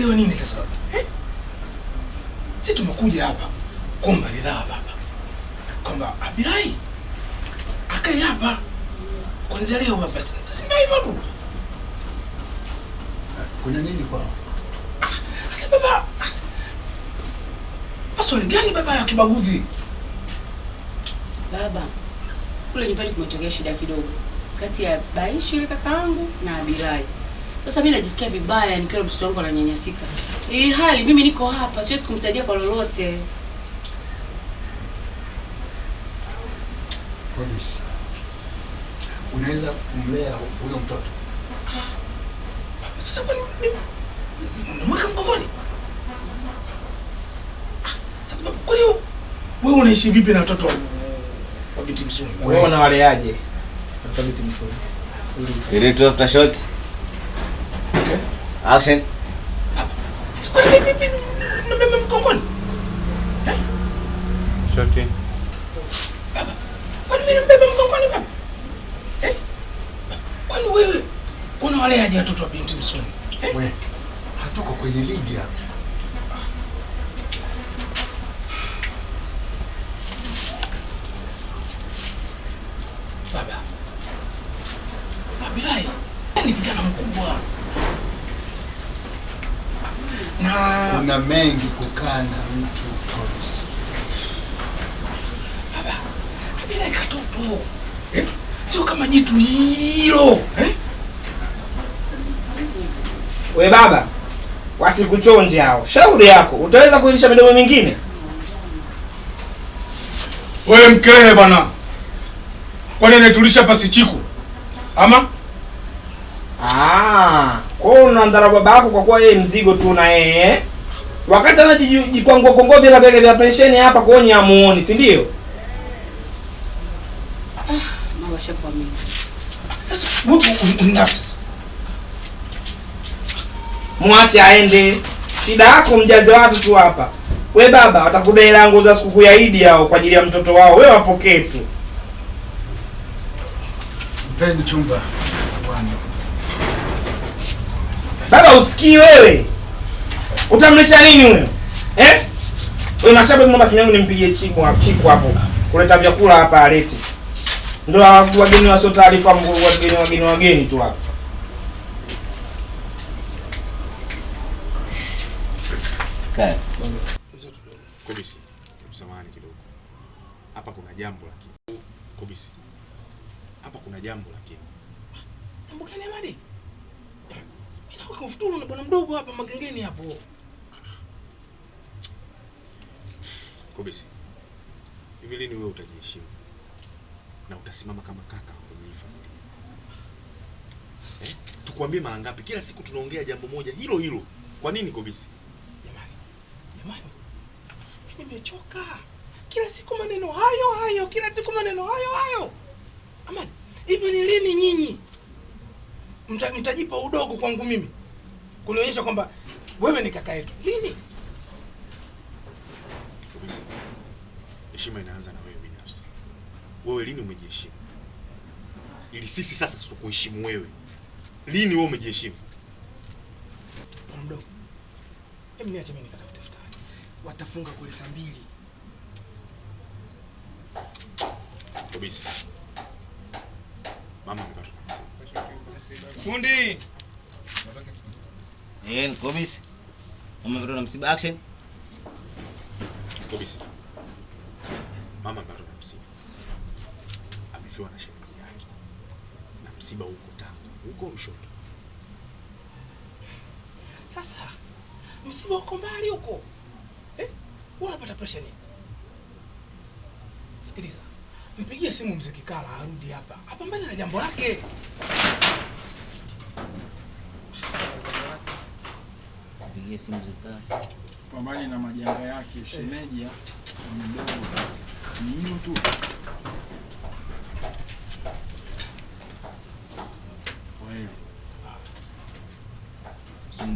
tunaangaliwa nini sasa baba eh? Sisi tumekuja hapa kuomba ridhaa baba, kwamba Abirai akae hapa kuanzia leo baba, hivyo tu? Eh, kuna nini kwao? Sasa baba, maswali gani baba ya kibaguzi baba? Kule nyumbani kumetokea shida kidogo kati ya Baishi yule kakaangu na Abirai sasa mimi najisikia vibaya nikiwa mtoto wangu ananyanyasika, ili hali mimi niko hapa, siwezi kumsaidia kwa lolote. Unaweza kumlea huyo mtoto sasa, Kwani mimi unamweka mgongoni? Sasa kwa hiyo wewe unaishi vipi na watoto wa binti mzuri? Wewe una waleaje? Watoto wa binti mzuri. Ile tu after shot. Action. kwani mimi nabeba mgongoni baba? watoto wa binti msoni? Eh? hatuko kwenye ligi hapa. Baba. Abilai. kuna mengi kukaa na mtu polisi baba bila ikatoto. eh? Sio kama jitu hilo eh? We baba, wasikuchonje hao. Shauri yako, utaweza kuilisha midomo mingine. We Mkelehe bwana, kwani anatulisha chiku? ama ah, kwa hiyo unamdharau baba kwa kuwa yeye mzigo tu na yeye eh? wakati anajikwangua kwangua vile bega vya pensheni hapa kuoni amuoni, si ndio? Ah, Mwache aende, shida yako mjaze watu tu hapa. We baba, watakudai lango za sikukuu ya Idi yao kwa ajili ya mtoto wao, we wapokee tu. Baba usikii wewe Utamlisha nini huyo? Eh? Wewe mashabiki mwomba simu yangu nimpigie chiku hapo chiku hapo. Kuleta vyakula hapa alete. Ndio wageni wasio taarifa mguru wageni wageni wageni tu hapa. Okay. kidogo. Hapa kuna jambo lakini. Kobisi. Hapa kuna jambo lakini. Jambo gani Amadi? Mimi na na bwana mdogo hapa magengeni hapo. Kobisi, hivi lini wewe utajiheshimu na utasimama kama kaka kwenye hii familia eh? Tukwambie mara ngapi? Kila siku tunaongea jambo moja hilo hilo. Kwa nini Kobisi? Jamani, jamani, mimi nimechoka. Kila siku maneno hayo hayo, kila siku maneno hayo hayo. Amani, hivi ni lini nyinyi mta, mtajipa udogo kwangu mimi kunionyesha kwamba wewe ni kaka yetu? Lini? heshima inaanza na wewe binafsi. Wewe lini umejiheshimu? Ili sisi sasa tukuheshimu wewe. Lini wewe umejiheshimu? Mdogo. Hebu niache mimi nikatafute futari. Watafunga kule saa mbili. Kabisa. Mama nikatoka. Fundi. Eh, Kobisi. Mama katoka na msiba action. Komisi. akiwa na shemeji yake na msiba huko Tanga, huko Lushoto. Sasa msiba uko mbali huko eh? Unapata presha nini? Sikiliza, mpigie simu mzee Kikala arudi hapa, apambane na jambo lake. Mpigie simu mzee Kikala, pambane na majanga yake. Shemeji mdogo eh. ni tu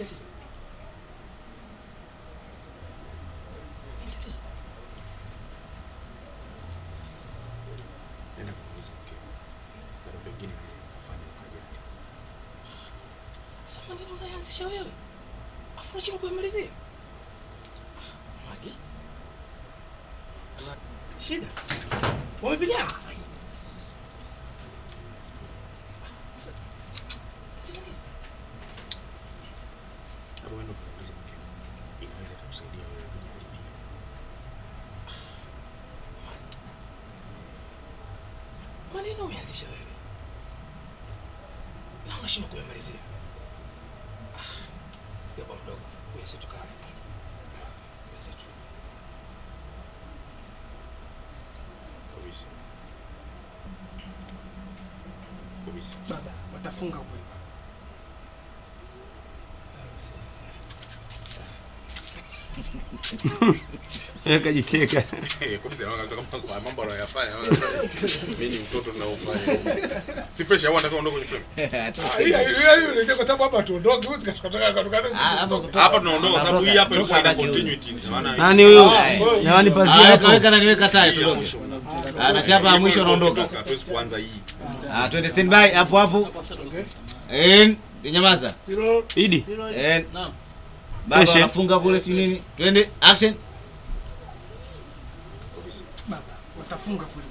Entity. Entity. Nenda kuuliza mkeo. wewe. Afu unashindwa kuyamalizia. Magi. Shida. Wamepigana. nini umeanzisha wewe na unashindwa kuyamalizia? Ah, sikia bwana mdogo, kuja sisi tukale Baba, watafunga huko. Kajicheka ah, Nani huyo ah, jamani? Pasi yako weka na niweka tai, tuondoke. Anachapa ya mwisho anaondoka, Ah, twende standby hapo hapo. Eh, nyamaza. Idi. naam baba eh? anafunga kule si nini? Twende action. Baba watafunga kule